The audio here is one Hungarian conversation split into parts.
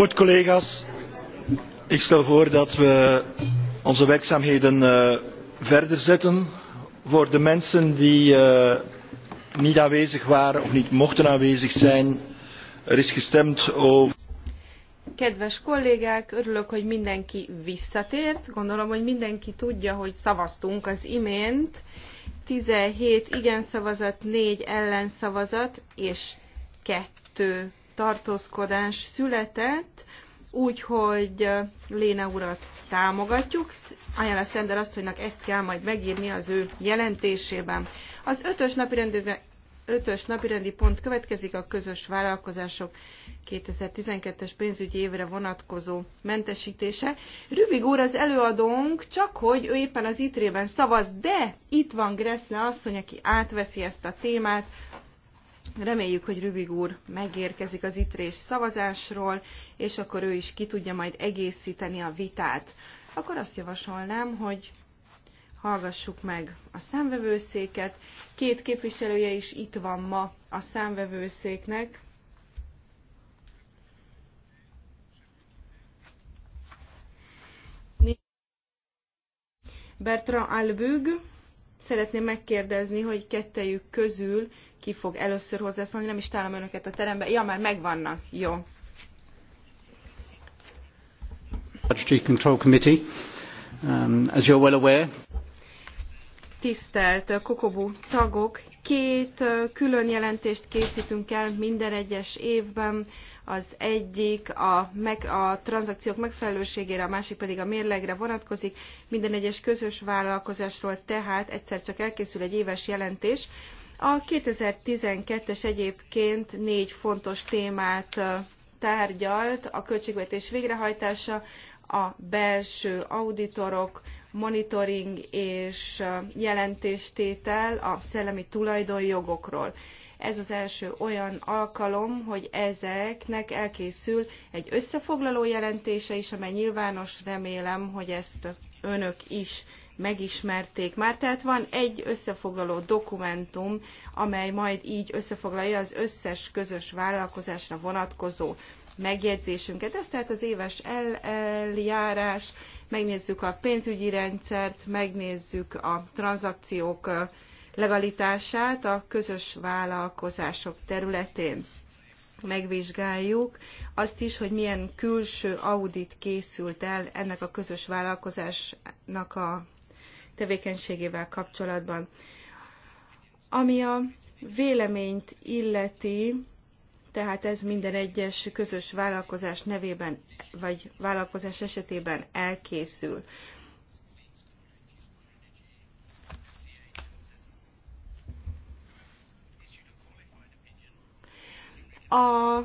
Goed, collega's. Ik stel voor dat we onze werkzaamheden uh, verder zetten. Voor de mensen die uh, niet aanwezig waren of niet mochten aanwezig zijn, er is gestemd over. Kedves kollégák, örülök, hogy mindenki visszatért. Gondolom, hogy mindenki tudja, hogy szavaztunk az imént. 17 igen szavazat, 4 ellenszavazat és 2 tartózkodás született, úgyhogy eh, Léna urat támogatjuk. Ajánl a Szender asszonynak ezt kell majd megírni az ő jelentésében. Az ötös rendőben ötös napirendi pont következik a közös vállalkozások 2012-es pénzügyi évre vonatkozó mentesítése. Rüvig úr az előadónk, csak hogy ő éppen az itrében szavaz, de itt van Greszle asszony, aki átveszi ezt a témát, Reméljük, hogy Rübig úr megérkezik az itrés szavazásról, és akkor ő is ki tudja majd egészíteni a vitát. Akkor azt javasolnám, hogy hallgassuk meg a számvevőszéket. Két képviselője is itt van ma a számvevőszéknek. Bertrand Albug, Szeretném megkérdezni, hogy kettejük közül ki fog először hozzászólni, nem is találom önöket a teremben. Ja, már megvannak. Jó. Um, Tisztelt Kokobu tagok, két uh, külön jelentést készítünk el minden egyes évben az egyik a, meg, a tranzakciók megfelelőségére, a másik pedig a mérlegre vonatkozik. Minden egyes közös vállalkozásról tehát egyszer csak elkészül egy éves jelentés. A 2012-es egyébként négy fontos témát tárgyalt, a költségvetés végrehajtása, a belső auditorok, monitoring és jelentéstétel a szellemi tulajdonjogokról. Ez az első olyan alkalom, hogy ezeknek elkészül egy összefoglaló jelentése is, amely nyilvános, remélem, hogy ezt önök is megismerték már. Tehát van egy összefoglaló dokumentum, amely majd így összefoglalja az összes közös vállalkozásra vonatkozó megjegyzésünket. Ez tehát az éves el eljárás, megnézzük a pénzügyi rendszert, megnézzük a tranzakciók legalitását a közös vállalkozások területén. Megvizsgáljuk azt is, hogy milyen külső audit készült el ennek a közös vállalkozásnak a tevékenységével kapcsolatban. Ami a véleményt illeti, tehát ez minden egyes közös vállalkozás nevében vagy vállalkozás esetében elkészül. A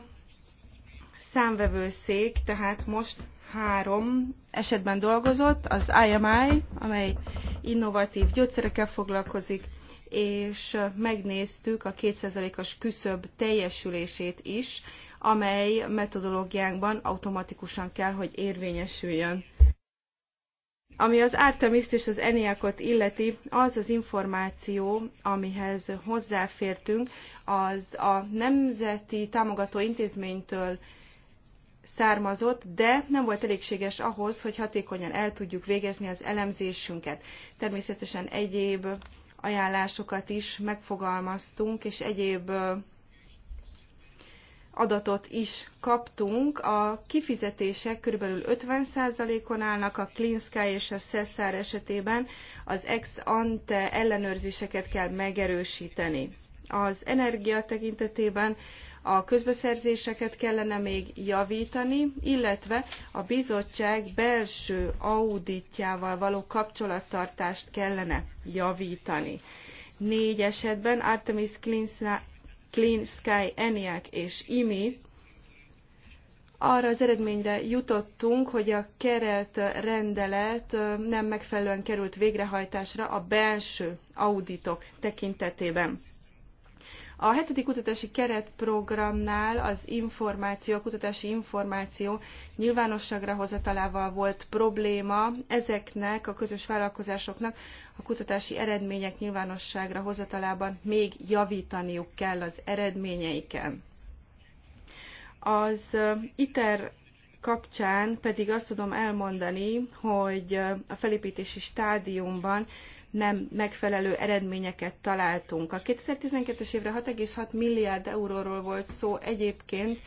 számvevőszék tehát most három esetben dolgozott, az IMI, amely innovatív gyógyszerekkel foglalkozik, és megnéztük a 2%-os küszöb teljesülését is, amely metodológiánkban automatikusan kell, hogy érvényesüljön. Ami az Artemis-t és az ENIAC-ot illeti, az az információ, amihez hozzáfértünk, az a Nemzeti Támogató Intézménytől származott, de nem volt elégséges ahhoz, hogy hatékonyan el tudjuk végezni az elemzésünket. Természetesen egyéb ajánlásokat is megfogalmaztunk, és egyéb adatot is kaptunk. A kifizetések körülbelül 50%-on állnak, a Clean Sky és a Cessar esetében az ex ante ellenőrzéseket kell megerősíteni. Az energia tekintetében a közbeszerzéseket kellene még javítani, illetve a bizottság belső auditjával való kapcsolattartást kellene javítani. Négy esetben Artemis Clean Sky, ENIAC és IMI, arra az eredményre jutottunk, hogy a keret rendelet nem megfelelően került végrehajtásra a belső auditok tekintetében. A hetedik kutatási keretprogramnál az információ, a kutatási információ nyilvánosságra hozatalával volt probléma. Ezeknek a közös vállalkozásoknak a kutatási eredmények nyilvánosságra hozatalában még javítaniuk kell az eredményeiken. Az ITER kapcsán pedig azt tudom elmondani, hogy a felépítési stádiumban nem megfelelő eredményeket találtunk. A 2012-es évre 6,6 milliárd euróról volt szó egyébként,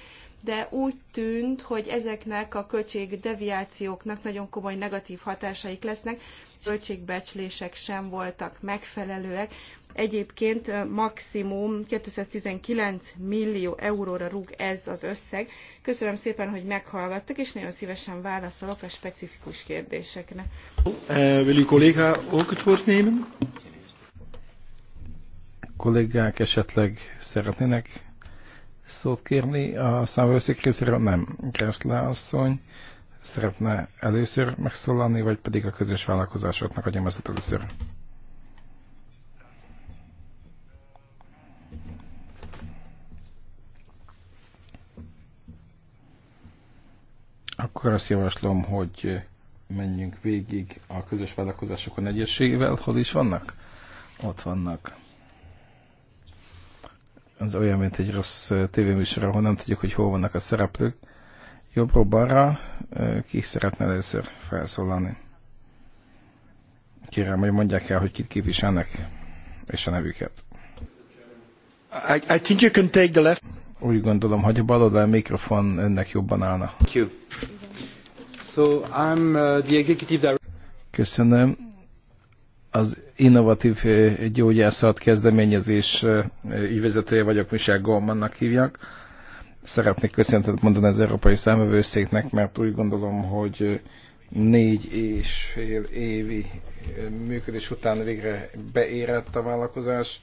de úgy tűnt, hogy ezeknek a költségdeviációknak nagyon komoly negatív hatásaik lesznek, költségbecslések sem voltak megfelelőek, Egyébként maximum 219 millió euróra rúg ez az összeg. Köszönöm szépen, hogy meghallgattak, és nagyon szívesen válaszolok a specifikus kérdésekre. Eh, will kolléga ook het woord nemen? Kollégák esetleg szeretnének szót kérni a számvőszék részéről? Nem. Greszle asszony szeretne először megszólalni, vagy pedig a közös vállalkozásoknak adjam ezt először? Akkor azt javaslom, hogy menjünk végig a közös vállalkozásokon egyességével. Hol is vannak? Ott vannak. Ez olyan, mint egy rossz tévéműsor, ahol nem tudjuk, hogy hol vannak a szereplők. Jobbra balra, ki szeretne először felszólalni? Kérem, hogy mondják el, hogy kit képviselnek, és a nevüket. I, I think you can take the left. Úgy gondolom, hogy a baloldal mikrofon önnek jobban állna. Uh, Köszönöm. Az innovatív eh, gyógyászat kezdeményezés eh, ügyvezetője vagyok, Michel Gormannak hívják. Szeretnék köszöntet mondani az Európai Számövőszéknek, mert úgy gondolom, hogy eh, négy és fél évi működés után végre beérett a vállalkozás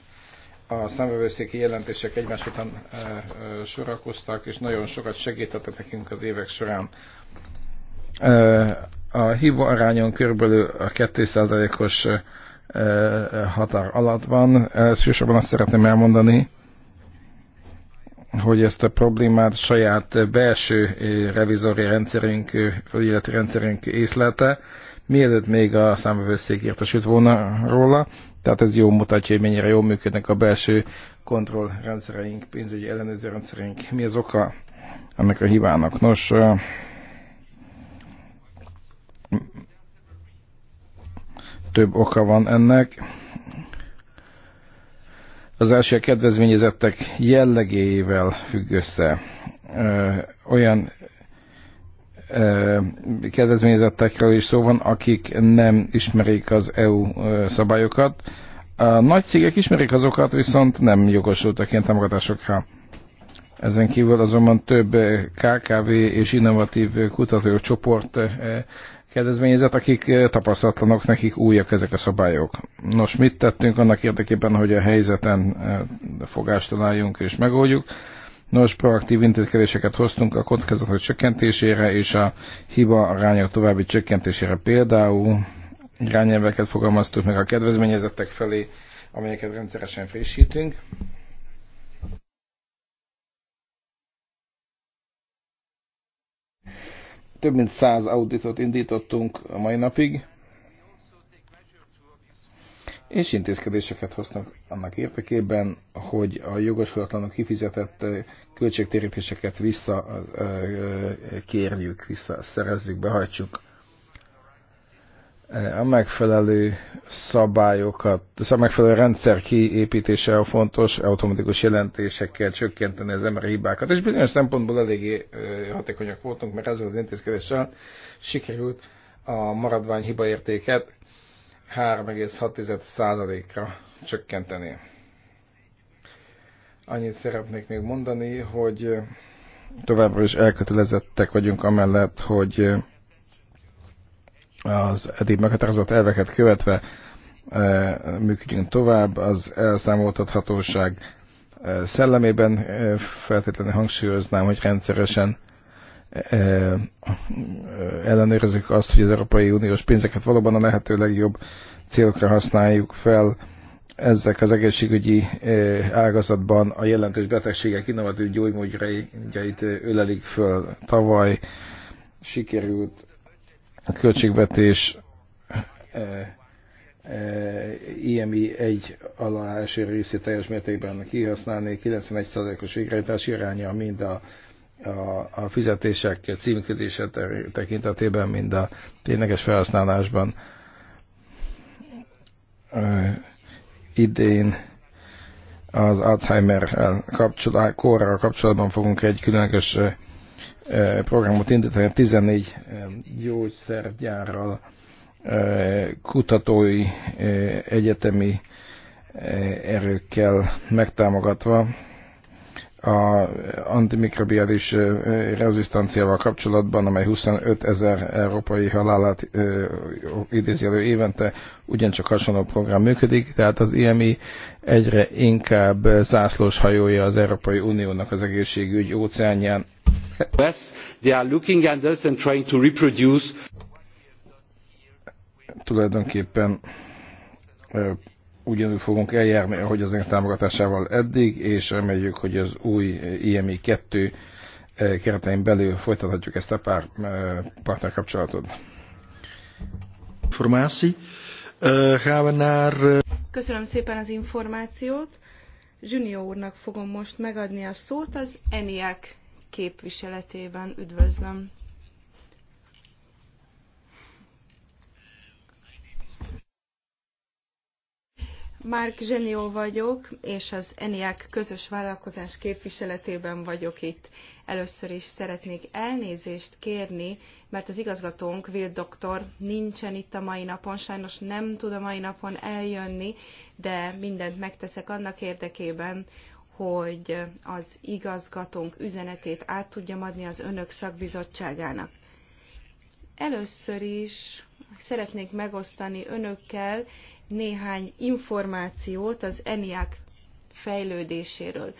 a számvevőszéki jelentések egymás után eh, eh, sorakoztak, és nagyon sokat segítettek nekünk az évek során. Eh, a hiba arányon körülbelül a 2%-os határ alatt van. Elsősorban azt szeretném elmondani, hogy ezt a problémát saját belső revizori rendszerünk, felügyeleti rendszerünk észlelte, mielőtt még a számvevőszék értesült volna róla, tehát ez jól mutatja, hogy mennyire jól működnek a belső kontrollrendszereink, pénzügyi ellenőrző rendszereink. Mi az oka ennek a hibának? Nos, több oka van ennek. Az első a kedvezményezettek jellegével függ össze. Olyan kedvezményezettekről is szó van, akik nem ismerik az EU szabályokat. A nagy cégek ismerik azokat, viszont nem jogosultak ilyen támogatásokra. Ezen kívül azonban több KKV és innovatív kutatócsoport kedvezményezett, akik tapasztalatlanok, nekik újak ezek a szabályok. Nos, mit tettünk annak érdekében, hogy a helyzeten fogást találjunk és megoldjuk? Nos, proaktív intézkedéseket hoztunk a kockázatok csökkentésére és a hiba arányok további csökkentésére például. Irányelveket fogalmaztuk meg a kedvezményezettek felé, amelyeket rendszeresen frissítünk. Több mint száz auditot indítottunk a mai napig és intézkedéseket hoznak annak érdekében, hogy a jogosulatlanok kifizetett költségtérítéseket vissza kérjük, vissza szerezzük, behajtsuk. A megfelelő szabályokat, a megfelelő rendszer kiépítése a fontos, automatikus jelentésekkel csökkenteni az emberi hibákat, és bizonyos szempontból eléggé hatékonyak voltunk, mert ezzel az intézkedéssel sikerült a maradvány hibaértéket 3,6%-ra csökkenteni. Annyit szeretnék még mondani, hogy továbbra is elkötelezettek vagyunk amellett, hogy az eddig meghatározott elveket követve e, működjünk tovább, az elszámoltathatóság e, szellemében e, feltétlenül hangsúlyoznám, hogy rendszeresen E, ellenőrizzük azt, hogy az Európai Uniós pénzeket valóban a lehető legjobb célokra használjuk fel. Ezek az egészségügyi e, ágazatban a jelentős betegségek innovatív gyógymódjait ölelik föl. Tavaly sikerült a költségvetés IMI e, egy alá első részét teljes mértékben kihasználni, 91%-os végrehajtási iránya mind a a, a fizetések címkézése tekintetében, mind a tényleges felhasználásban idén az Alzheimer-rel kapcsolatban, korral kapcsolatban fogunk egy különleges programot indítani, 14 gyógyszergyárral, kutatói, egyetemi erőkkel megtámogatva a antimikrobiális rezisztanciával kapcsolatban, amely 25 ezer európai halálát idézi elő évente, ugyancsak hasonló program működik, tehát az IMI egyre inkább zászlós hajója az Európai Uniónak az egészségügy óceánján. They are looking at us and trying to reproduce tulajdonképpen ugyanúgy fogunk eljárni, ahogy az ennek támogatásával eddig, és reméljük, hogy az új IMI 2 eh, keretein belül folytathatjuk ezt a pár eh, partnerkapcsolatot. Informáci. Eh, Köszönöm szépen az információt. Junior úrnak fogom most megadni a szót az ENIAC képviseletében. Üdvözlöm. Márk Zsenió vagyok, és az ENIAC közös vállalkozás képviseletében vagyok itt. Először is szeretnék elnézést kérni, mert az igazgatónk, Vild doktor, nincsen itt a mai napon, sajnos nem tud a mai napon eljönni, de mindent megteszek annak érdekében, hogy az igazgatónk üzenetét át tudjam adni az önök szakbizottságának. Először is szeretnék megosztani önökkel néhány információt az ENIAC fejlődéséről.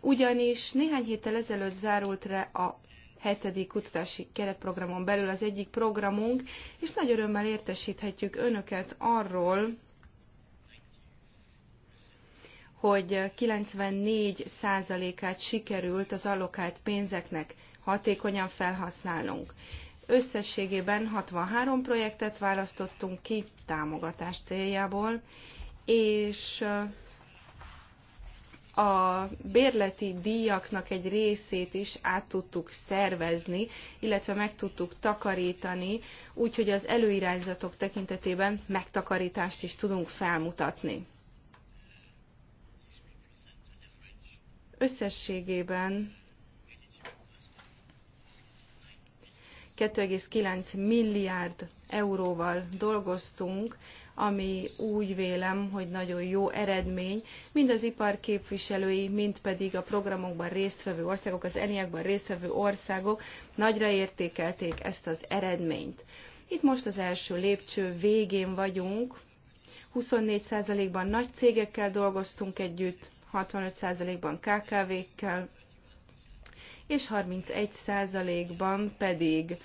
Ugyanis néhány héttel ezelőtt zárult le a hetedik kutatási keretprogramon belül az egyik programunk, és nagy örömmel értesíthetjük önöket arról, hogy 94%-át sikerült az allokált pénzeknek hatékonyan felhasználnunk. Összességében 63 projektet választottunk ki támogatás céljából, és a bérleti díjaknak egy részét is át tudtuk szervezni, illetve meg tudtuk takarítani, úgyhogy az előirányzatok tekintetében megtakarítást is tudunk felmutatni. Összességében 2,9 milliárd euróval dolgoztunk, ami úgy vélem, hogy nagyon jó eredmény, mind az ipar képviselői, mind pedig a programokban résztvevő országok, az ENIAC-ban résztvevő országok nagyra értékelték ezt az eredményt. Itt most az első lépcső végén vagyunk, 24%-ban nagy cégekkel dolgoztunk együtt, 65%-ban KKV-kkel, és 31%-ban pedig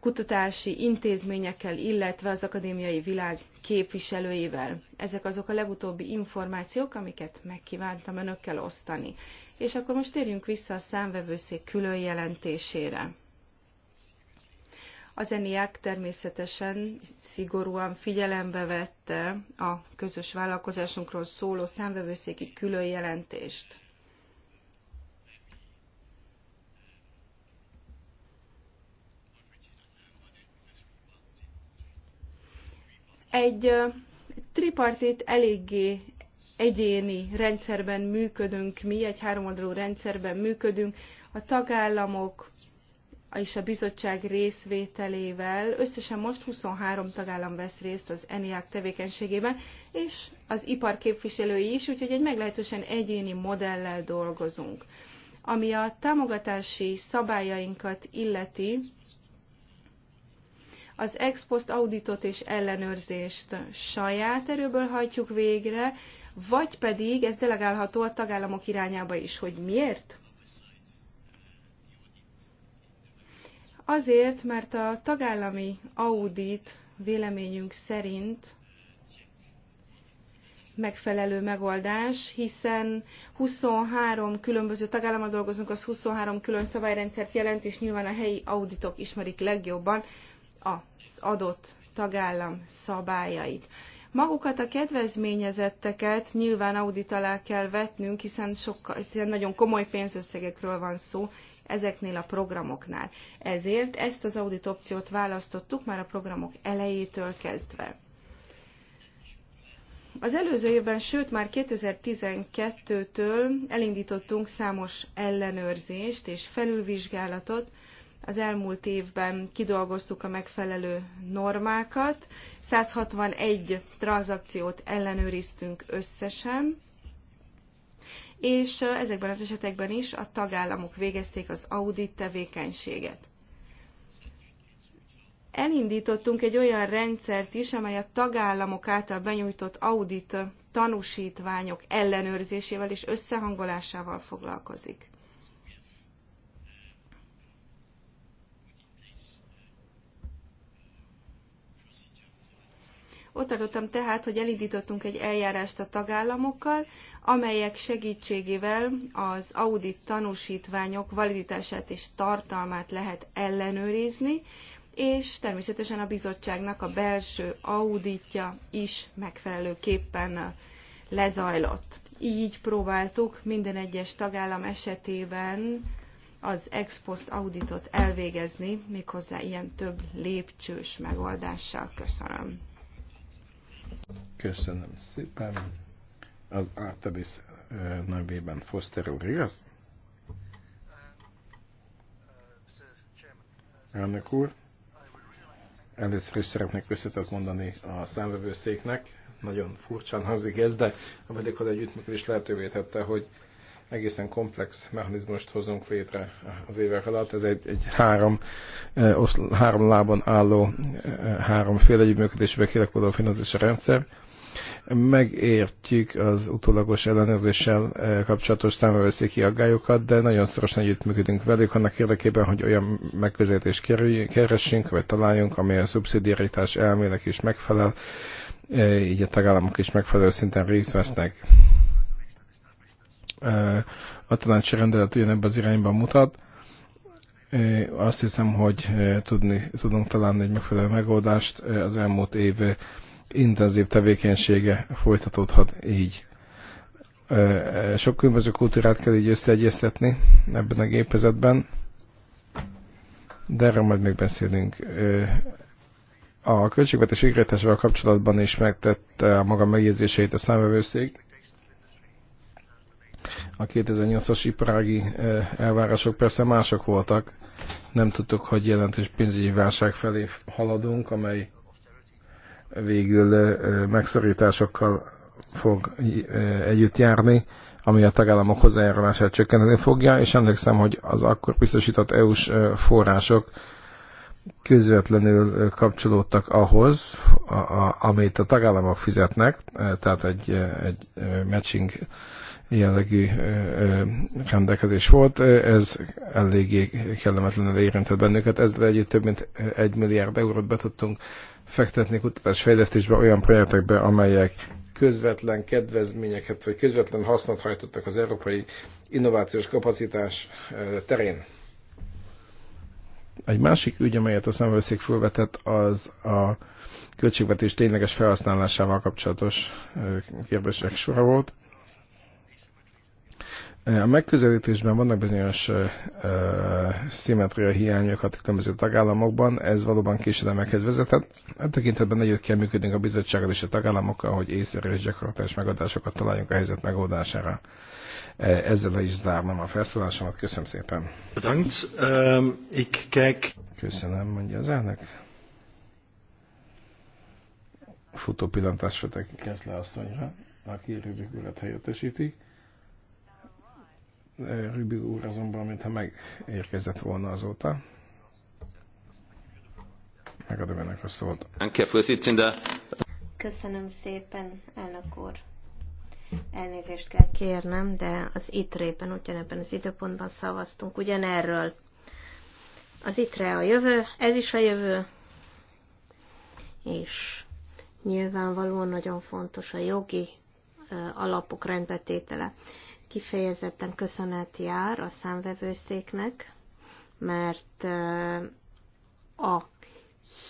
kutatási intézményekkel, illetve az akadémiai világ képviselőivel. Ezek azok a legutóbbi információk, amiket megkívántam önökkel osztani. És akkor most térjünk vissza a számvevőszék külön jelentésére. Az ENIAC természetesen szigorúan figyelembe vette a közös vállalkozásunkról szóló számvevőszéki külön jelentést. Egy tripartit eléggé egyéni rendszerben működünk mi, egy háromoldalú rendszerben működünk, a tagállamok és a bizottság részvételével. Összesen most 23 tagállam vesz részt az ENIAC tevékenységében, és az ipar képviselői is, úgyhogy egy meglehetősen egyéni modellel dolgozunk. Ami a támogatási szabályainkat illeti, az ex post auditot és ellenőrzést saját erőből hajtjuk végre, vagy pedig ez delegálható a tagállamok irányába is, hogy miért? Azért, mert a tagállami audit véleményünk szerint megfelelő megoldás, hiszen 23 különböző tagállammal dolgozunk, az 23 külön szabályrendszert jelent, és nyilván a helyi auditok ismerik legjobban az adott tagállam szabályait. Magukat a kedvezményezetteket nyilván audit alá kell vetnünk, hiszen, sokkal, hiszen nagyon komoly pénzösszegekről van szó ezeknél a programoknál. Ezért ezt az audit opciót választottuk már a programok elejétől kezdve. Az előző évben, sőt már 2012-től elindítottunk számos ellenőrzést és felülvizsgálatot, az elmúlt évben kidolgoztuk a megfelelő normákat. 161 tranzakciót ellenőriztünk összesen, és ezekben az esetekben is a tagállamok végezték az audit tevékenységet. Elindítottunk egy olyan rendszert is, amely a tagállamok által benyújtott audit tanúsítványok ellenőrzésével és összehangolásával foglalkozik. Ott tartottam tehát, hogy elindítottunk egy eljárást a tagállamokkal, amelyek segítségével az audit tanúsítványok validitását és tartalmát lehet ellenőrizni, és természetesen a bizottságnak a belső auditja is megfelelőképpen lezajlott. Így próbáltuk minden egyes tagállam esetében az ex post auditot elvégezni, méghozzá ilyen több lépcsős megoldással. Köszönöm. Köszönöm szépen. Az Artemis nevében Foster úr, igaz? Elnök úr, először is szeretnék összetett mondani a számvevőszéknek. Nagyon furcsán hazig ez, de a medical együttműködés lehetővé tette, hogy egészen komplex mechanizmust hozunk létre az évek alatt. Ez egy, egy három, eh, oszl, három lábon álló, eh, háromféle együttműködésbe kialakuló finanszírozási rendszer. Megértjük az utólagos ellenőrzéssel eh, kapcsolatos számvevőszéki aggályokat, de nagyon szorosan együttműködünk velük annak érdekében, hogy olyan megközelítést keressünk, vagy találjunk, amely a szubszidiaritás elmének is megfelel, így a tagállamok is megfelelő szinten részt vesznek a tanácsi rendelet ugyanebbe az irányban mutat. Azt hiszem, hogy tudni, tudunk találni egy megfelelő megoldást. Az elmúlt év intenzív tevékenysége folytatódhat így. Sok különböző kultúrát kell így összeegyeztetni ebben a gépezetben, de erről majd még beszélünk a költségvetés ígéretesvel kapcsolatban is megtette a maga megjegyzéseit a számvevőszék. A 2008-as iparági elvárások persze mások voltak. Nem tudtuk, hogy jelentős pénzügyi válság felé haladunk, amely végül megszorításokkal fog együtt járni, ami a tagállamok hozzájárulását csökkenteni fogja, és emlékszem, hogy az akkor biztosított EU-s források közvetlenül kapcsolódtak ahhoz, a, a, amit a tagállamok fizetnek, tehát egy, egy matching jellegű rendelkezés volt. Ez eléggé kellemetlenül érintett bennünket. Ezzel együtt több mint egy milliárd eurót be tudtunk fektetni kutatásfejlesztésbe olyan projektekbe, amelyek közvetlen kedvezményeket, vagy közvetlen hasznot hajtottak az európai innovációs kapacitás terén. Egy másik ügy, amelyet a szemvőszék felvetett, az a költségvetés tényleges felhasználásával kapcsolatos kérdések sora volt. A megközelítésben vannak bizonyos szimmetria hiányok a különböző tagállamokban, ez valóban késedelmekhez vezetett. A e tekintetben együtt kell működnünk a bizottsággal és a tagállamokkal, hogy észre és gyakorlatilag megadásokat találjunk a helyzet megoldására. E, ezzel le is zárnám a felszólásomat. Köszönöm szépen. Ehm, Köszönöm, mondja az elnök. Futó pillantásra tekintetlen asszonyra, aki Rübik helyettesíti. helyettesítik Rübi úr azonban, mintha megérkezett volna azóta. Megadom ennek a szót. Köszönöm szépen, elnök úr. Elnézést kell kérnem, de az ITRE-ben ugyanebben az időpontban szavaztunk ugyanerről. Az ITRE a jövő, ez is a jövő, és nyilvánvalóan nagyon fontos a jogi alapok rendbetétele kifejezetten köszönet jár a számvevőszéknek, mert a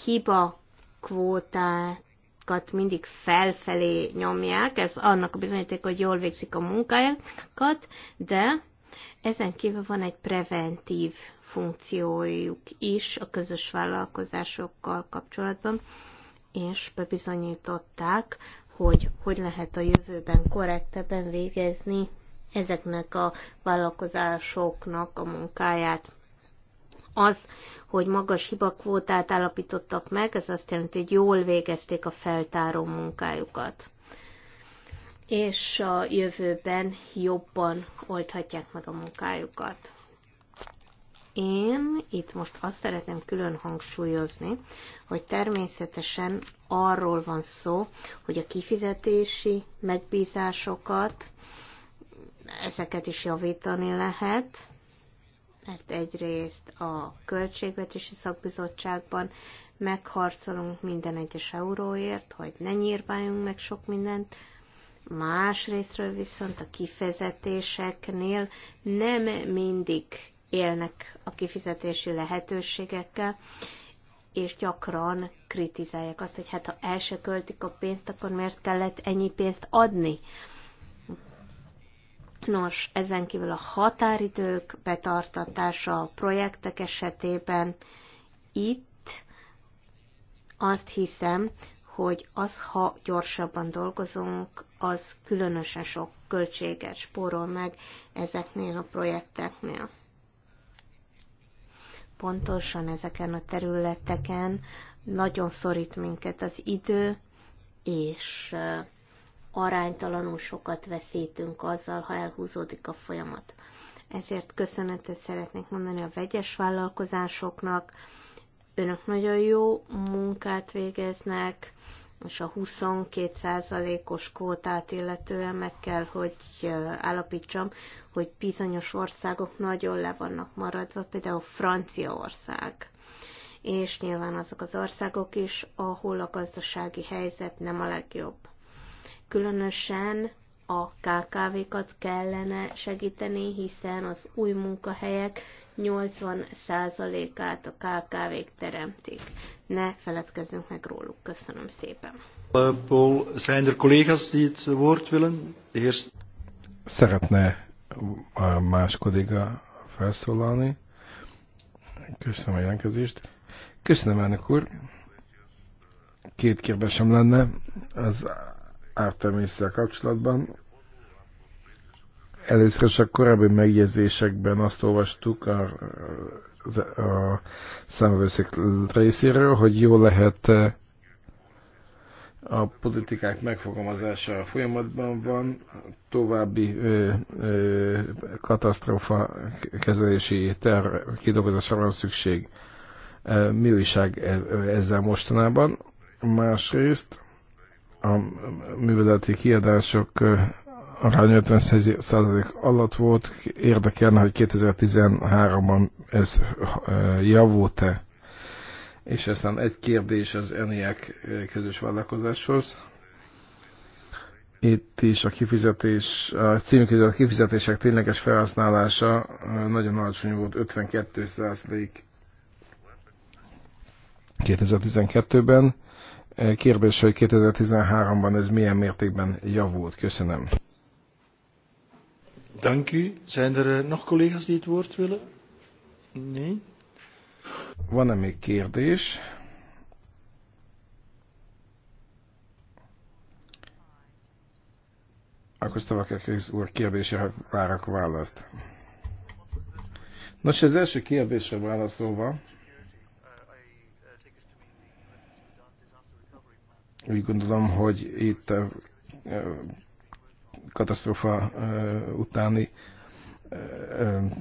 hiba kvótákat mindig felfelé nyomják, ez annak a bizonyíték, hogy jól végzik a munkájukat, de ezen kívül van egy preventív funkciójuk is a közös vállalkozásokkal kapcsolatban, és bebizonyították, hogy hogy lehet a jövőben korrektebben végezni ezeknek a vállalkozásoknak a munkáját. Az, hogy magas hibakvótát állapítottak meg, ez azt jelenti, hogy jól végezték a feltáró munkájukat. És a jövőben jobban oldhatják meg a munkájukat. Én itt most azt szeretném külön hangsúlyozni, hogy természetesen arról van szó, hogy a kifizetési megbízásokat ezeket is javítani lehet, mert egyrészt a Költségvetési Szakbizottságban megharcolunk minden egyes euróért, hogy ne nyírbáljunk meg sok mindent, másrésztről viszont a kifizetéseknél nem mindig élnek a kifizetési lehetőségekkel, és gyakran kritizálják azt, hogy hát ha el se költik a pénzt, akkor miért kellett ennyi pénzt adni Nos, ezen kívül a határidők betartatása a projektek esetében itt azt hiszem, hogy az, ha gyorsabban dolgozunk, az különösen sok költséget spórol meg ezeknél a projekteknél. Pontosan ezeken a területeken nagyon szorít minket az idő, és aránytalanul sokat veszítünk azzal, ha elhúzódik a folyamat. Ezért köszönetet szeretnék mondani a vegyes vállalkozásoknak. Önök nagyon jó munkát végeznek, és a 22%-os kvótát illetően meg kell, hogy állapítsam, hogy bizonyos országok nagyon le vannak maradva, például Franciaország. És nyilván azok az országok is, ahol a gazdasági helyzet nem a legjobb. Különösen a KKV-kat kellene segíteni, hiszen az új munkahelyek 80%-át a KKV-k teremtik. Ne feledkezzünk meg róluk. Köszönöm szépen. Eh, Paul, zijn er collega's die het woord willen? Eerst. Szeretne a eh, más kolléga felszólalni. Köszönöm a jelentkezést. Köszönöm, elnök úr. Két kérdésem lenne. Az artemis kapcsolatban. Először is a korábbi megjegyzésekben azt olvastuk a, a, a számvőszék részéről, hogy jó lehet eh, a politikák megfogalmazása a folyamatban van, további ö, eh, ö, eh, katasztrófa kezelési terv kidolgozásra van szükség. Mi újság e, ezzel mostanában? Másrészt a műveleti kiadások arány 50% alatt volt. Érdekelne, hogy 2013-ban ez javult-e. És aztán egy kérdés az ENIAC közös vállalkozáshoz. Itt is a kifizetés, a a kifizetések tényleges felhasználása nagyon alacsony volt, 52 százalék 2012-ben Kérdés, hogy 2013-ban ez milyen mértékben javult. Köszönöm. Dank u. Zijn er eh, nog collega's die het woord willen? Nee? Van-e még kérdés? Akkor Stavakekrész úr kérdésére várok választ. Nos, az első kérdésre válaszolva, Úgy gondolom, hogy itt a katasztrófa utáni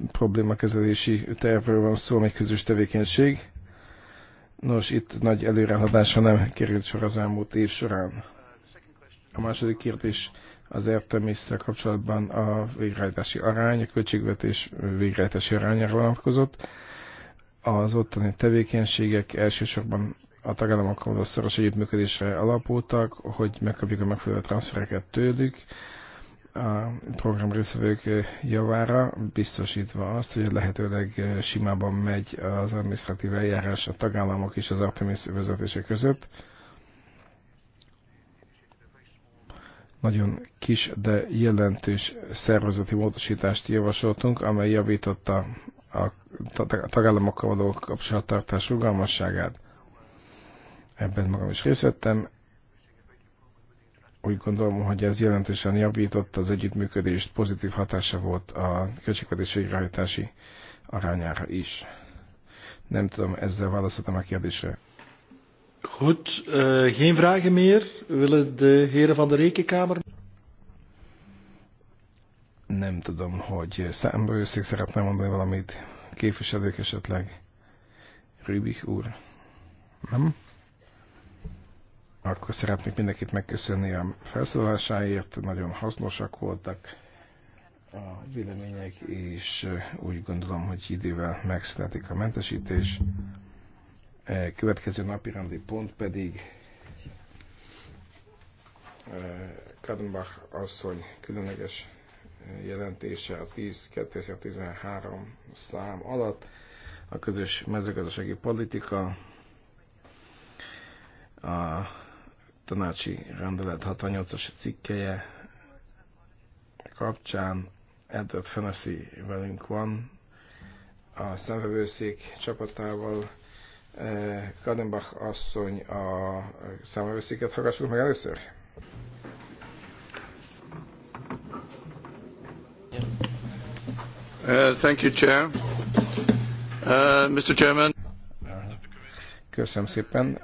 problémakezelési tervről van szó, ami közös tevékenység. Nos, itt nagy előrehaladása nem került sor az elmúlt év során. A második kérdés az értelmészsel kapcsolatban a végrehajtási arány, a költségvetés végrehajtási arányára vonatkozott. Az ottani tevékenységek elsősorban a tagállamokkal való szoros együttműködésre alapultak, hogy megkapjuk a megfelelő transfereket tőlük a program részvevők javára, biztosítva azt, hogy lehetőleg simában megy az administratív eljárás a tagállamok és az Artemis vezetése között. Nagyon kis, de jelentős szervezeti módosítást javasoltunk, amely javította a tagállamokkal való kapcsolattartás rugalmasságát ebben magam is részt vettem. Úgy gondolom, hogy ez jelentősen javította az együttműködést, pozitív hatása volt a költségvetés végrehajtási arányára is. Nem tudom, ezzel válaszoltam a kérdésre. Goed, uh, geen vragen meer. Willen de heren van de Rekenkamer? Nem tudom, hogy számba összeg mondani valamit. Képviselők esetleg. Rübik úr. Nem? akkor szeretnék mindenkit megköszönni a felszólásáért, nagyon hasznosak voltak a vélemények, és eh, úgy gondolom, hogy idővel megszületik a mentesítés. Eh, következő napi rendi pont pedig eh, Kadenbach asszony különleges jelentése a 10-2013 szám alatt a közös mezőgazdasági politika a tanácsi rendelet 68-as cikkeje kapcsán Edward Fennessy velünk van, a szemvevőszék csapatával eh, Kadenbach asszony a szemvevőszéket hallgassuk meg először. Uh, thank you, Chair. Uh, eh, Mr. Chairman. Köszönöm szépen.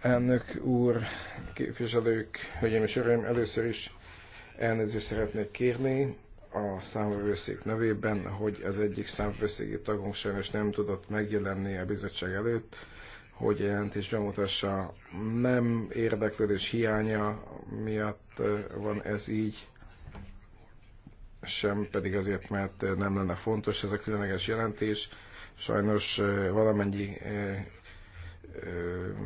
Elnök úr, képviselők, hölgyeim és öröm, először is elnézést szeretnék kérni a számvevőszék nevében, hogy az egyik számvevőszéki tagunk sajnos nem tudott megjelenni a bizottság előtt, hogy jelentés bemutassa. Nem érdeklődés hiánya miatt van ez így, sem pedig azért, mert nem lenne fontos ez a különleges jelentés. Sajnos valamennyi eh,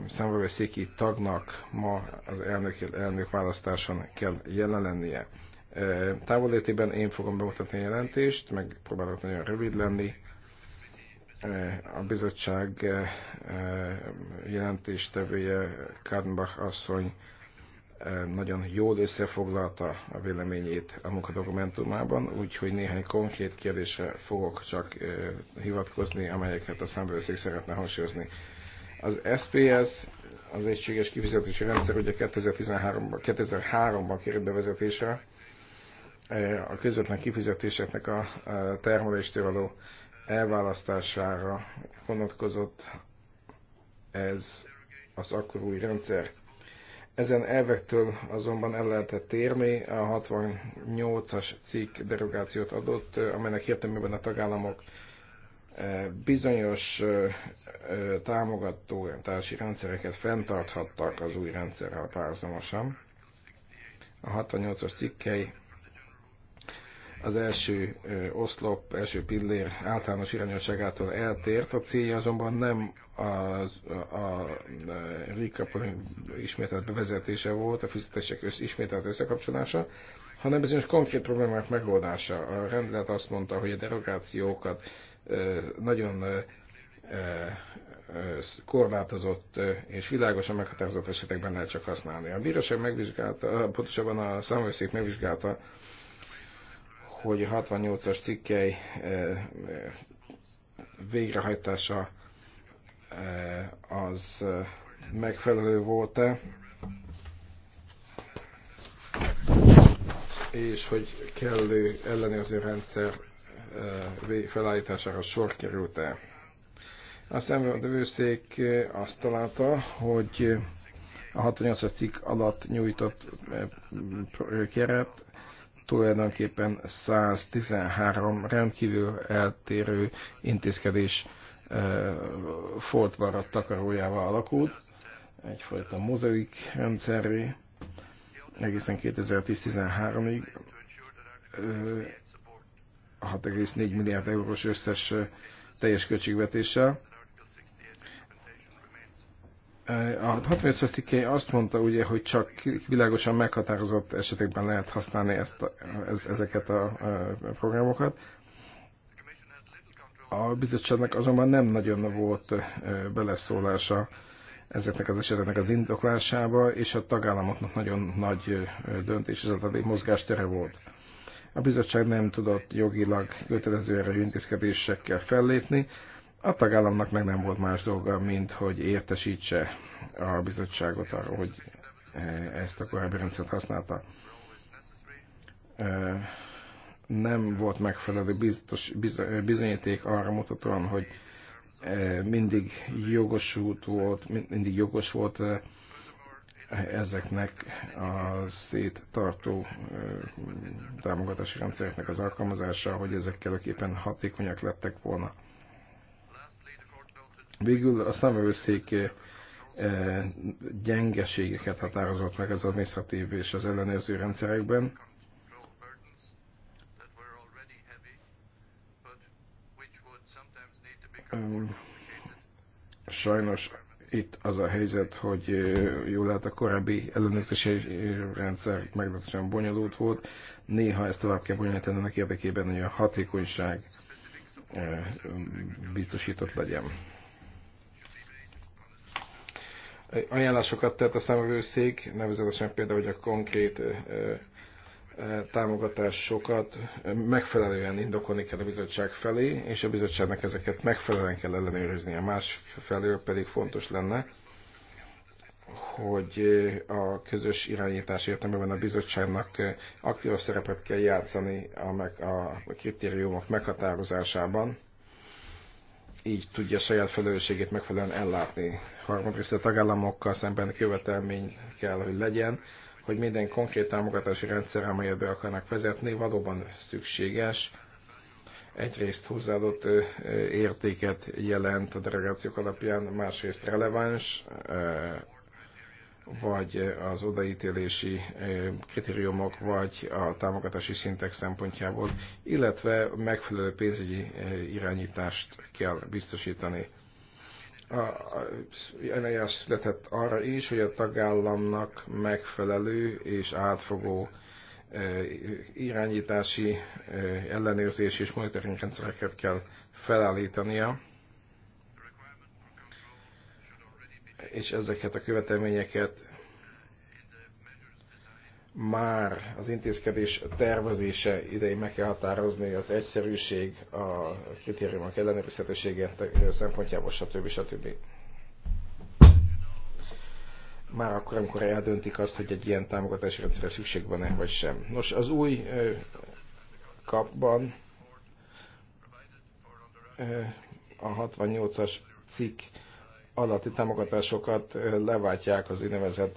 számvevőszéki tagnak ma az elnök, elnök választáson kell jelen lennie. Távolétében én fogom bemutatni a jelentést, próbálok nagyon rövid lenni. A bizottság jelentéstevője Kárnbach asszony nagyon jól összefoglalta a véleményét a munkadokumentumában, úgyhogy néhány konkrét kérdésre fogok csak hivatkozni, amelyeket a számbevőszék szeretne hangsúlyozni. Az SPS, az Egységes Kifizetési Rendszer ugye 2013-ban, 2003 került bevezetésre, e, a közvetlen kifizetéseknek a e, termeléstől való elválasztására vonatkozott ez az akkor új rendszer. Ezen elvektől azonban el lehetett térni, a 68-as cikk derogációt adott, amelynek értelmében a tagállamok bizonyos támogató társi rendszereket fenntarthattak az új rendszerrel párhuzamosan. A 68-as cikkei az első oszlop, első pillér általános irányosságától eltért, a célja azonban nem az, a, a Rikapoli ismételt bevezetése volt, a fizetések össz, ismételt összekapcsolása, hanem bizonyos konkrét problémák megoldása. A rendelet azt mondta, hogy a derogációkat nagyon korlátozott és világosan meghatározott esetekben lehet csak használni. A bíróság megvizsgálta, pontosabban a számvőszék megvizsgálta, hogy a 68-as cikkely végrehajtása az megfelelő volt-e, és hogy kellő ellenőrző rendszer felállítására sor került el. a dövőszék azt találta, hogy a 68 cikk alatt nyújtott keret tulajdonképpen 113 rendkívül eltérő intézkedés foltvarat takarójával alakult, egyfajta mozaik rendszerré, egészen 2010-13-ig 6,4 milliárd eurós összes teljes költségvetéssel. A 65 cikkei azt mondta ugye, hogy csak világosan meghatározott esetekben lehet használni ezt a, ez, ezeket a, a programokat. A bizottságnak azonban nem nagyon volt beleszólása ezeknek az eseteknek az indoklásába, és a tagállamoknak nagyon nagy döntés, ez a mozgástere volt a bizottság nem tudott jogilag kötelező erejű intézkedésekkel fellépni, a tagállamnak meg nem volt más dolga, mint hogy értesítse a bizottságot arról, hogy eh, ezt a korábbi rendszert használta. Eh, nem volt megfelelő biztos, bizonyíték arra mutatóan, hogy eh, mindig jogosult volt, mindig jogos volt ezeknek a széttartó támogatási rendszereknek az alkalmazása, hogy ezekkel éppen hatékonyak lettek volna. Végül a számövőszék gyengeségeket határozott meg az administratív és az ellenőrző rendszerekben. Sajnos itt az a helyzet, hogy jól lehet a korábbi ellenőrzési rendszer meglehetősen bonyolult volt. Néha ezt tovább kell bonyolítani ennek érdekében, hogy a hatékonyság biztosított legyen. Ajánlásokat tett a számvevőszék, nevezetesen például, hogy a konkrét támogatásokat megfelelően indokolni kell a bizottság felé, és a bizottságnak ezeket megfelelően kell ellenőriznie. Másfelől pedig fontos lenne, hogy a közös irányítás értelmében a bizottságnak aktívabb szerepet kell játszani a, meg, a kritériumok meghatározásában, így tudja saját felelősségét megfelelően ellátni. Harmadrészt a tagállamokkal szemben követelmény kell, hogy legyen, hogy minden konkrét támogatási rendszer, amelyet be akarnak vezetni, valóban szükséges. Egyrészt hozzáadott értéket jelent a delegációk alapján, másrészt releváns, vagy az odaítélési kritériumok, vagy a támogatási szintek szempontjából, illetve megfelelő pénzügyi irányítást kell biztosítani ajánlás született arra is, hogy a tagállamnak megfelelő és átfogó e, irányítási, e, ellenőrzési és monitoring rendszereket kell felállítania, és ezeket a követelményeket már az intézkedés tervezése idején meg kell határozni az egyszerűség, a kritériumok ellenőrizhetősége szempontjából, stb. stb. Már akkor, amikor eldöntik azt, hogy egy ilyen támogatási rendszerre szükség van-e, vagy sem. Nos, az új kapban a 68-as cikk alatti támogatásokat leváltják az úgynevezett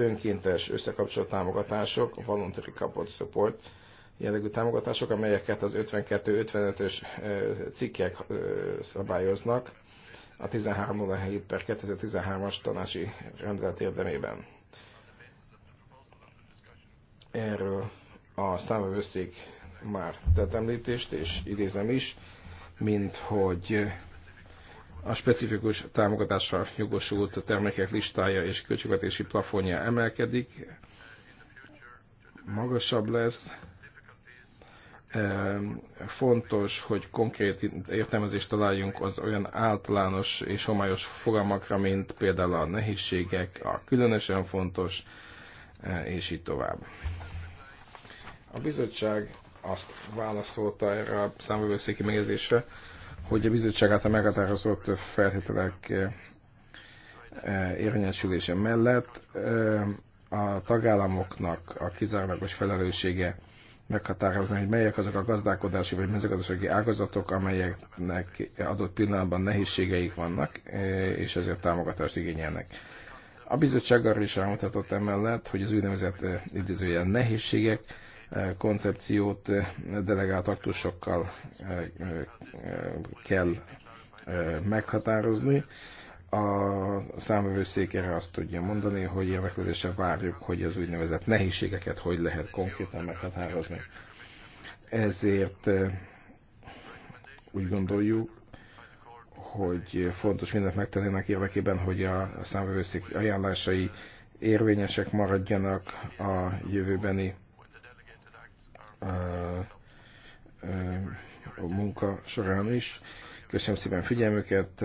önkéntes összekapcsolt támogatások, voluntary coupled support jellegű támogatások, amelyeket az 52-55-ös cikkek szabályoznak a 1307 per 2013-as tanácsi rendelet érdemében. Erről a számövőszék már tett említést, és idézem is, mint hogy a specifikus támogatásra jogosult termékek listája és költségvetési plafonja emelkedik, magasabb lesz. Fontos, hogy konkrét értelmezést találjunk az olyan általános és homályos fogalmakra, mint például a nehézségek, a különösen fontos, és így tovább. A bizottság azt válaszolta erre a számvevőszéki megjegyzésre, hogy a bizottság által meghatározott feltételek eh, eh, érvényesülése mellett eh, a tagállamoknak a kizárólagos felelőssége meghatározni, hogy melyek azok a gazdálkodási vagy mezőgazdasági ágazatok, amelyeknek adott pillanatban nehézségeik vannak, és ezért támogatást igényelnek. A bizottság arra is elmutatott emellett, hogy az úgynevezett idézőjel nehézségek koncepciót eh, delegált aktusokkal eh, eh, kell meghatározni. A számvevőszék erre azt tudja mondani, hogy érdeklődéssel várjuk, hogy az úgynevezett nehézségeket hogy lehet konkrétan meghatározni. Ezért úgy gondoljuk, hogy fontos mindent megtenni ennek érdekében, hogy a számvevőszék ajánlásai érvényesek maradjanak a jövőbeni a munka során is. Köszönöm szépen figyelmüket,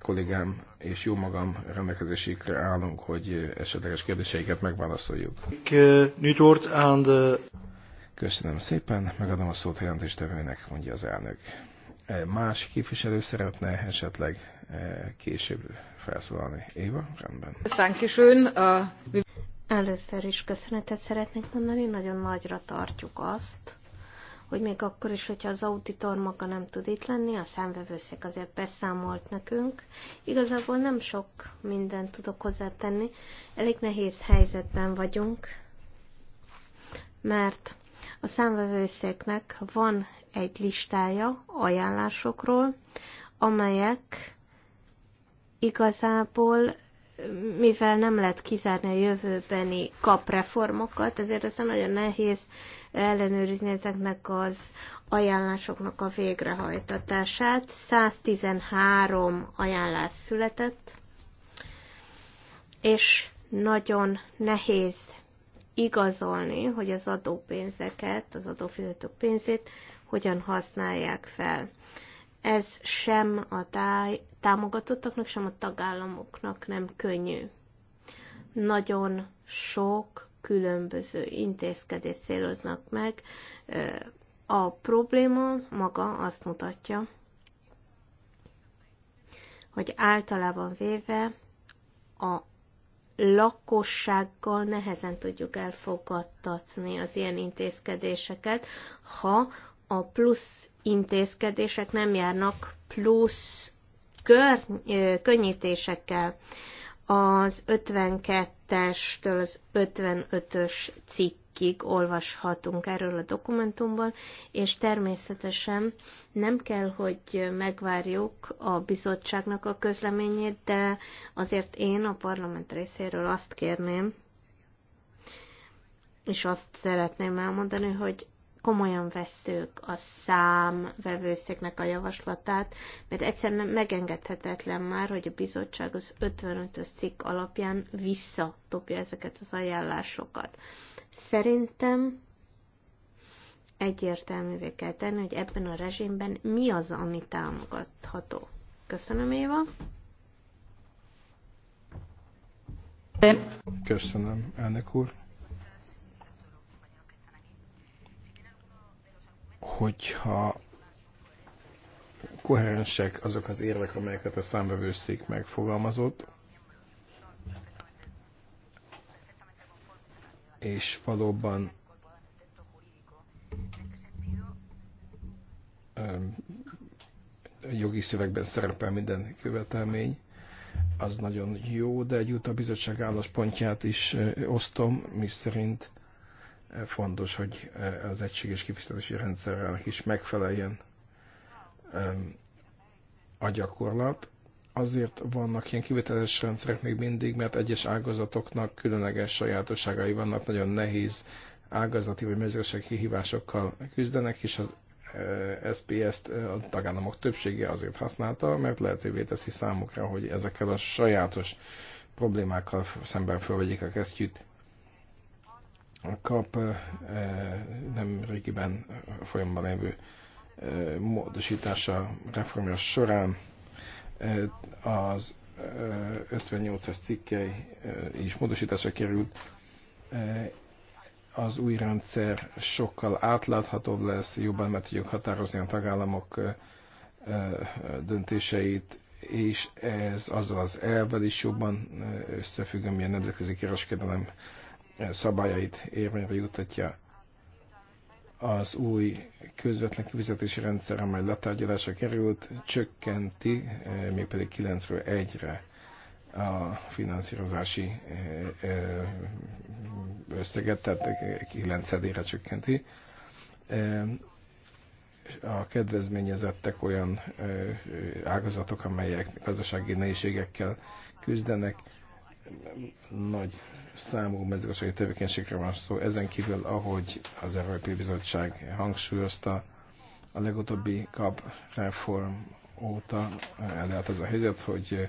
kollégám és jó magam rendelkezésükre állunk, hogy esetleges kérdéseiket megválaszoljuk. Köszönöm szépen, megadom a szót a jelentéstevőnek, mondja az elnök. Más képviselő szeretne esetleg később felszólalni. Éva, rendben. Köszönöm, Először is köszönetet szeretnék mondani, nagyon nagyra tartjuk azt, hogy még akkor is, hogyha az auditor maga nem tud itt lenni, a számvevőszék azért beszámolt nekünk. Igazából nem sok mindent tudok hozzátenni, elég nehéz helyzetben vagyunk, mert a számvevőszéknek van egy listája ajánlásokról, amelyek igazából mivel nem lehet kizárni a jövőbeni kapreformokat, ezért aztán nagyon nehéz ellenőrizni ezeknek az ajánlásoknak a végrehajtatását. 113 ajánlás született, és nagyon nehéz igazolni, hogy az adópénzeket, az adófizetők pénzét hogyan használják fel. Ez sem a táj, támogatottaknak, sem a tagállamoknak nem könnyű. Nagyon sok különböző intézkedést széloznak meg. A probléma maga azt mutatja, hogy általában véve a lakossággal nehezen tudjuk elfogadtatni az ilyen intézkedéseket, ha a plusz intézkedések nem járnak plusz kör, könnyítésekkel. Az 52-estől az 55-ös cikk cikkig olvashatunk erről a dokumentumból, és természetesen nem kell, hogy megvárjuk a bizottságnak a közleményét, de azért én a parlament részéről azt kérném, és azt szeretném elmondani, hogy komolyan veszük a számvevőszéknek a javaslatát, mert egyszerűen megengedhetetlen már, hogy a bizottság az 55-ös cikk alapján visszatopja ezeket az ajánlásokat. Szerintem egyértelművé kell tenni, hogy ebben a rezsimben mi az, ami támogatható. Köszönöm, Éva. Köszönöm, elnök úr. hogyha koherensek azok az érvek, amelyeket a számvevőszék megfogalmazott, és valóban jogi szövegben szerepel minden követelmény, az nagyon jó, de egyúttal a bizottság álláspontját is osztom, mi szerint fontos, hogy eh, az egységes kifizetési rendszerrel is megfeleljen a gyakorlat. Azért vannak ilyen kivételes rendszerek még mindig, mert egyes ágazatoknak különleges sajátosságai vannak, nagyon nehéz ágazati vagy mezőgazdasági kihívásokkal küzdenek, és az eh, SPS-t eh, a tagállamok többsége azért használta, mert lehetővé teszi számukra, hogy ezekkel a sajátos problémákkal szemben fölvegyék a kesztyűt kap nem régiben folyamban lévő módosítása reformja során az 58-as cikkei is módosításra került. Az új rendszer sokkal átláthatóbb lesz, jobban meg tudjuk határozni a tagállamok döntéseit, és ez azzal az elvel is jobban összefügg, ami a nemzetközi kereskedelem szabályait érvényre jutatja az új közvetlen kifizetési rendszer, amely letárgyalásra került, csökkenti eh, mégpedig 9-ről 1-re a finanszírozási eh, eh, összeget, tehát 9 csökkenti. A kedvezményezettek olyan ágazatok, amelyek gazdasági nehézségekkel küzdenek, nagy számú mezőgazdasági tevékenységre van szó. Ezen kívül, ahogy az Európai Bizottság hangsúlyozta, a legutóbbi kap reform óta lehet az a helyzet, hogy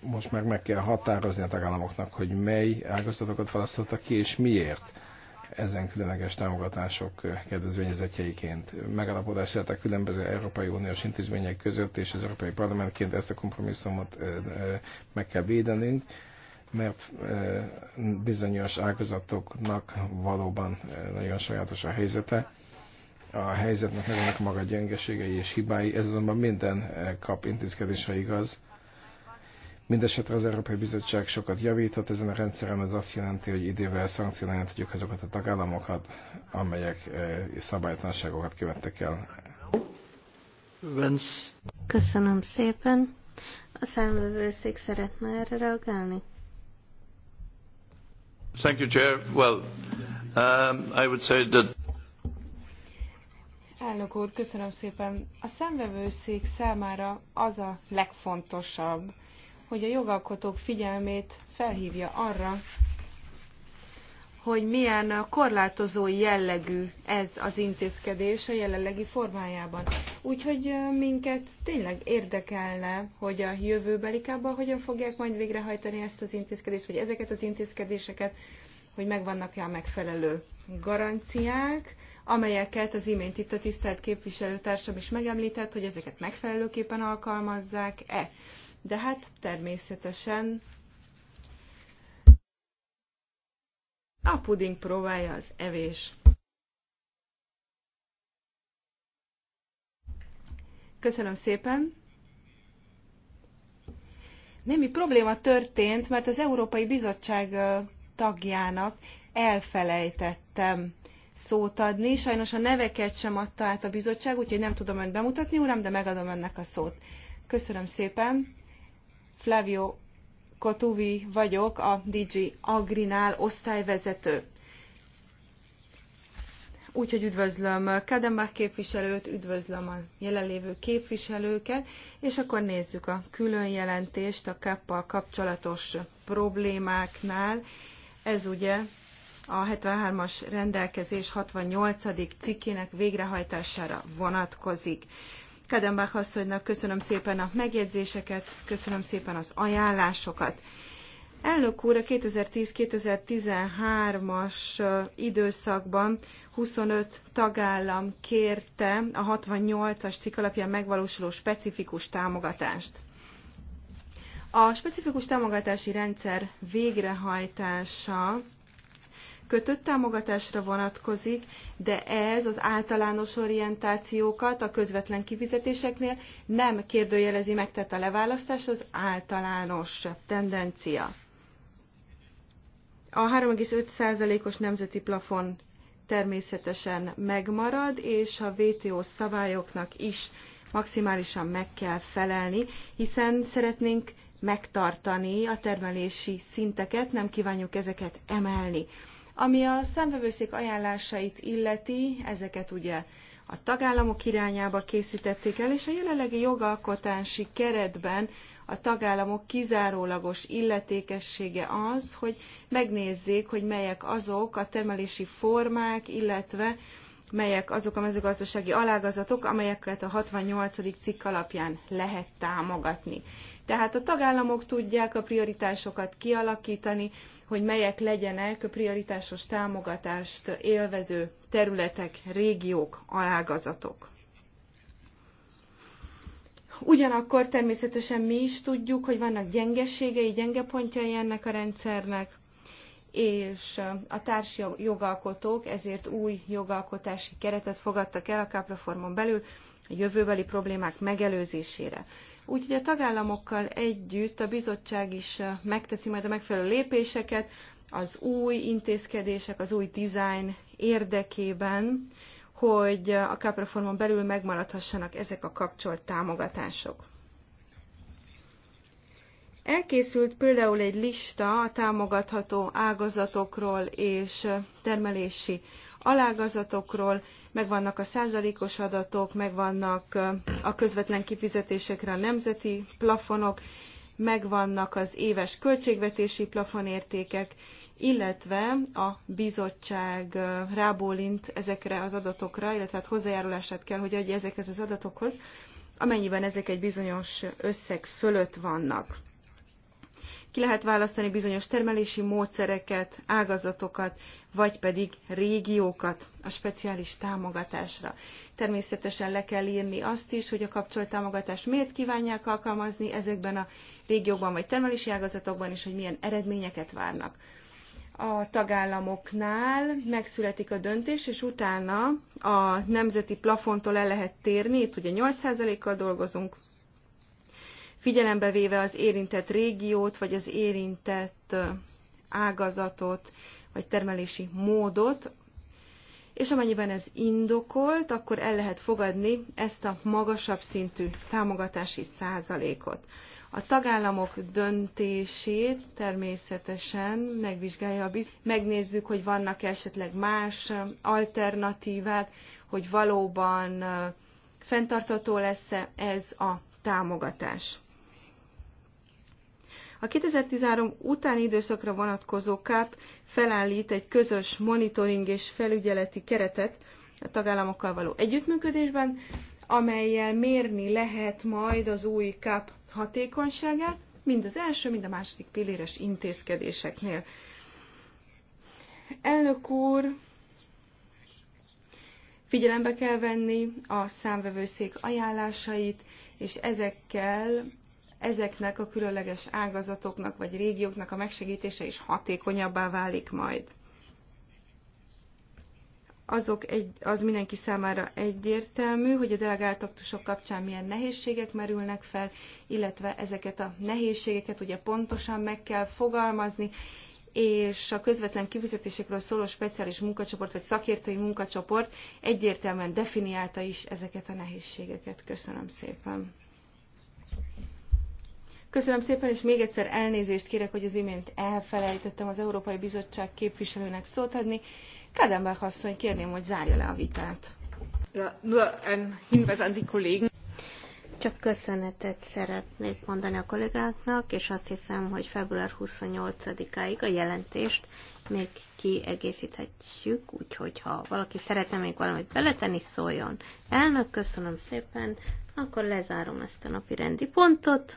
most már meg kell határozni a tagállamoknak, hogy mely ágazatokat választottak ki, és miért ezen különleges támogatások kedvezményezetjeiként. Megállapodás a különböző Európai Uniós intézmények között, és az Európai Parlamentként ezt a kompromisszumot meg kell védenünk mert bizonyos ágazatoknak valóban nagyon sajátos a helyzete. A helyzetnek megvannak maga gyengeségei és hibái, ez azonban minden kap intézkedésre igaz. Mindenesetre az Európai Bizottság sokat javíthat ezen a rendszeren, ez azt jelenti, hogy idővel szankcionálni tudjuk azokat a tagállamokat, amelyek szabálytlanságokat követtek el. Köszönöm szépen. A számvevőszék szeretne erre reagálni? Thank you, Chair. Well, um, I would say that... Elnök úr, köszönöm szépen. A szemvevőszék számára az a legfontosabb, hogy a jogalkotók figyelmét felhívja arra, hogy milyen korlátozó jellegű ez az intézkedés a jelenlegi formájában. Úgyhogy minket tényleg érdekelne, hogy a jövőbeli kábban hogyan fogják majd végrehajtani ezt az intézkedést, vagy ezeket az intézkedéseket, hogy megvannak-e a megfelelő garanciák, amelyeket az imént itt a tisztelt képviselőtársam is megemlített, hogy ezeket megfelelőképpen alkalmazzák-e. De hát természetesen a puding próbálja az evés. Köszönöm szépen. Némi probléma történt, mert az Európai Bizottság tagjának elfelejtettem szót adni. Sajnos a neveket sem adta át a bizottság, úgyhogy nem tudom önt bemutatni, uram, de megadom önnek a szót. Köszönöm szépen. Flavio Kotuvi vagyok, a DG Agrinál osztályvezető. Úgyhogy üdvözlöm Kadembach képviselőt, üdvözlöm a jelenlévő képviselőket, és akkor nézzük a külön jelentést a kappal e kapcsolatos problémáknál. Ez ugye a 73-as rendelkezés 68. cikkének végrehajtására vonatkozik. Kadenbach asszonynak köszönöm szépen a megjegyzéseket, köszönöm szépen az ajánlásokat. Elnök úr, a 2010-2013-as időszakban 25 tagállam kérte a 68-as cikk alapján megvalósuló specifikus támogatást. A specifikus támogatási rendszer végrehajtása kötött támogatásra vonatkozik, de ez az általános orientációkat a közvetlen kifizetéseknél nem kérdőjelezi meg, tehát a leválasztás az általános tendencia. A 3,5%-os nemzeti plafon természetesen megmarad, és a WTO szabályoknak is maximálisan meg kell felelni, hiszen szeretnénk megtartani a termelési szinteket, nem kívánjuk ezeket emelni. Ami a számvevőszék ajánlásait illeti, ezeket ugye a tagállamok irányába készítették el, és a jelenlegi jogalkotási keretben a tagállamok kizárólagos illetékessége az, hogy megnézzék, hogy melyek azok a termelési formák, illetve melyek azok a mezőgazdasági alágazatok, amelyeket a 68. cikk alapján lehet támogatni. Tehát a tagállamok tudják a prioritásokat kialakítani, hogy melyek legyenek a prioritásos támogatást élvező területek, régiók, alágazatok. Ugyanakkor természetesen mi is tudjuk, hogy vannak gyengeségei, gyenge pontjai ennek a rendszernek, és a társi jogalkotók ezért új jogalkotási keretet fogadtak el a káplaformon belül a jövőbeli problémák megelőzésére. Úgyhogy a tagállamokkal együtt a bizottság is megteszi majd a megfelelő lépéseket az új intézkedések, az új design érdekében, hogy a kapreformon belül megmaradhassanak ezek a kapcsolt támogatások. Elkészült például egy lista a támogatható ágazatokról és termelési alágazatokról, megvannak a százalékos adatok, megvannak a közvetlen kifizetésekre a nemzeti plafonok, megvannak az éves költségvetési plafonértékek, illetve a bizottság rábólint ezekre az adatokra, illetve hát hozzájárulását kell, hogy adja ezekhez az adatokhoz, amennyiben ezek egy bizonyos összeg fölött vannak. Ki lehet választani bizonyos termelési módszereket, ágazatokat, vagy pedig régiókat a speciális támogatásra. Természetesen le kell írni azt is, hogy a kapcsolt támogatást miért kívánják alkalmazni ezekben a régiókban vagy termelési ágazatokban, és hogy milyen eredményeket várnak a tagállamoknál megszületik a döntés, és utána a nemzeti plafontól el lehet térni, itt ugye 8%-kal dolgozunk, figyelembe véve az érintett régiót, vagy az érintett ágazatot, vagy termelési módot, és amennyiben ez indokolt, akkor el lehet fogadni ezt a magasabb szintű támogatási százalékot. A tagállamok döntését természetesen megvizsgálja a megnézzük, hogy vannak -e esetleg más alternatívák, hogy valóban fenntartható lesz-e ez a támogatás. A 2013 utáni időszakra vonatkozó KÁP felállít egy közös monitoring és felügyeleti keretet a tagállamokkal való együttműködésben, amelyel mérni lehet majd az új KÁP hatékonyságát, mind az első, mind a második pilléres intézkedéseknél. Elnök úr, figyelembe kell venni a számvevőszék ajánlásait, és ezekkel ezeknek a különleges ágazatoknak vagy régióknak a megsegítése is hatékonyabbá válik majd. Azok egy, az mindenki számára egyértelmű, hogy a delegáltaktusok kapcsán milyen nehézségek merülnek fel, illetve ezeket a nehézségeket ugye pontosan meg kell fogalmazni, és a közvetlen kifizetésekről szóló speciális munkacsoport vagy szakértői munkacsoport egyértelműen definiálta is ezeket a nehézségeket. Köszönöm szépen! Köszönöm szépen, és még egyszer elnézést kérek, hogy az imént elfelejtettem az Európai Bizottság képviselőnek szót adni. Kadenbach asszony, kérném, hogy zárja le a vitát. Ja, nur ein Hinweis an die Kollegen. Csak köszönetet szeretnék mondani a kollégáknak, és azt hiszem, hogy február 28-áig a jelentést még kiegészíthetjük, úgyhogy ha valaki szeretne még valamit beletenni, szóljon. Elnök, köszönöm szépen, akkor lezárom ezt a napi rendi pontot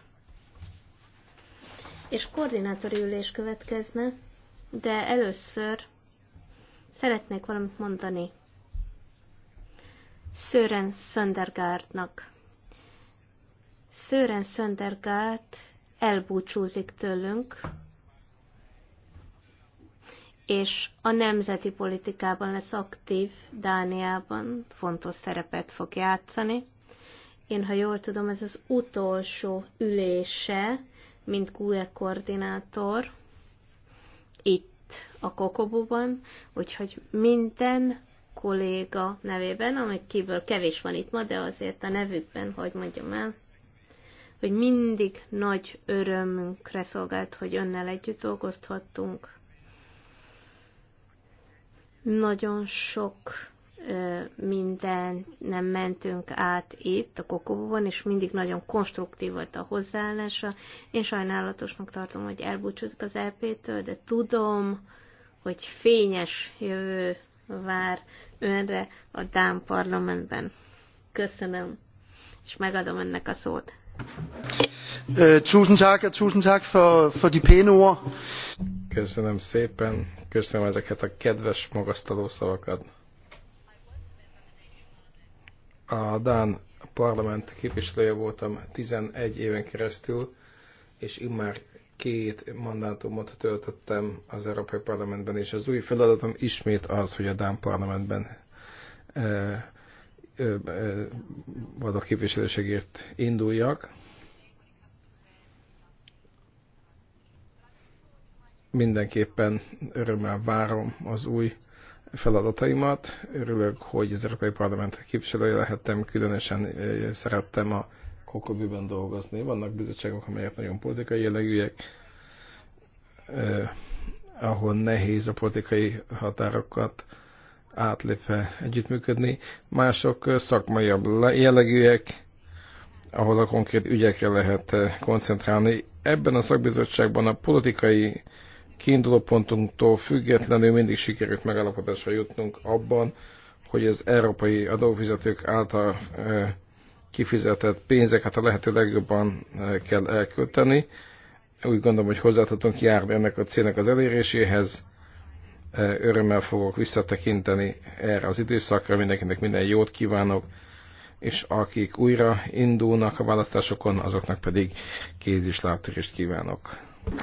és koordinátori ülés következne, de először szeretnék valamit mondani Sören Söndergaardnak. Sören Söndergaard elbúcsúzik tőlünk, és a nemzeti politikában lesz aktív Dániában, fontos szerepet fog játszani. Én, ha jól tudom, ez az utolsó ülése mint QE koordinátor itt a kokobóban, úgyhogy minden kolléga nevében, amely kívül kevés van itt ma, de azért a nevükben, hogy mondjam el, hogy mindig nagy örömünkre szolgált, hogy önnel együtt dolgozhattunk. Nagyon sok minden nem mentünk át itt, a kokóban, és mindig nagyon konstruktív volt a hozzáállása. Én sajnálatosnak tartom, hogy elbúcsúzik az lp től de tudom, hogy fényes jövő vár önre a Dán parlamentben. Köszönöm, és megadom ennek a szót. Tusind tak, og tak for, for de pæne ord. Köszönöm szépen, köszönöm ezeket a kedves magasztaló szavakat. A Dán parlament képviselője voltam 11 éven keresztül, és immár két mandátumot töltöttem az Európai Parlamentben, és az új feladatom ismét az, hogy a Dán parlamentben a képviselőségért induljak. Mindenképpen örömmel várom az új feladataimat. Örülök, hogy az Európai Parlament képviselője lehettem, különösen eh, szerettem a kokobűben dolgozni. Vannak bizottságok, amelyek nagyon politikai jellegűek, eh, ahol nehéz a politikai határokat átlépve együttműködni. Mások eh, szakmaiabb jellegűek, ahol a konkrét ügyekre lehet eh, koncentrálni. Ebben a szakbizottságban a politikai kiinduló pontunktól függetlenül mindig sikerült megállapodásra jutnunk abban, hogy az európai adófizetők által eh, kifizetett pénzeket a lehető legjobban eh, kell elkölteni. Úgy gondolom, hogy hozzá tudunk járni ennek a célnak az eléréséhez. Eh, örömmel fogok visszatekinteni erre az időszakra, mindenkinek minden jót kívánok, és akik újra indulnak a választásokon, azoknak pedig kézislátörést kívánok.